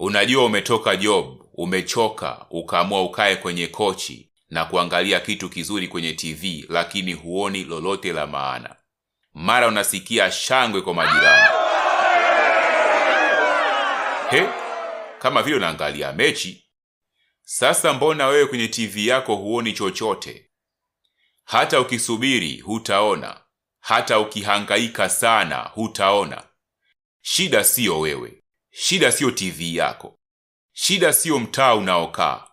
Unajua umetoka job, umechoka, ukaamua ukae kwenye kochi na kuangalia kitu kizuri kwenye TV, lakini huoni lolote la maana. Mara unasikia shangwe kwa majirani, he, kama vile unaangalia mechi. Sasa mbona wewe kwenye TV yako huoni chochote? Hata ukisubiri hutaona, hata ukihangaika sana hutaona. Shida siyo wewe, Shida siyo TV yako, shida siyo mtaa unaokaa,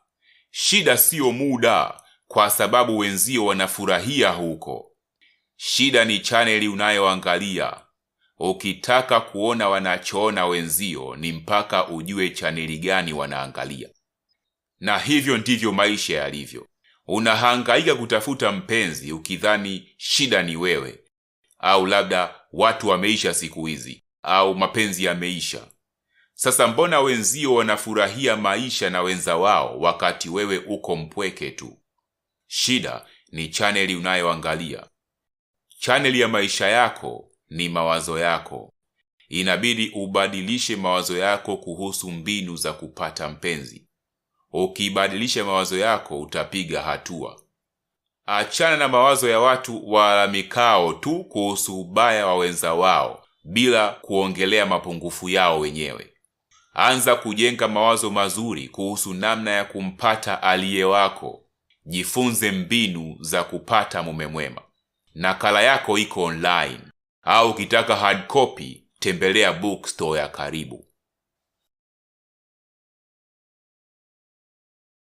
shida siyo muda, kwa sababu wenzio wanafurahia huko. Shida ni chaneli unayoangalia. Ukitaka kuona wanachoona wenzio, ni mpaka ujue chaneli gani wanaangalia. Na hivyo ndivyo maisha yalivyo. Unahangaika kutafuta mpenzi ukidhani shida ni wewe, au labda watu wameisha siku hizi, au mapenzi yameisha. Sasa mbona wenzio wanafurahia maisha na wenza wao wakati wewe uko mpweke tu? Shida ni chaneli unayoangalia. Chaneli ya maisha yako ni mawazo yako. Inabidi ubadilishe mawazo yako kuhusu mbinu za kupata mpenzi. Ukibadilisha mawazo yako, utapiga hatua. Achana na mawazo ya watu waalamikao tu kuhusu ubaya wa wenza wao bila kuongelea mapungufu yao wenyewe. Anza kujenga mawazo mazuri kuhusu namna ya kumpata aliye wako. Jifunze mbinu za kupata mume mwema. Nakala yako iko online au ukitaka hard copy, tembelea bookstore ya karibu.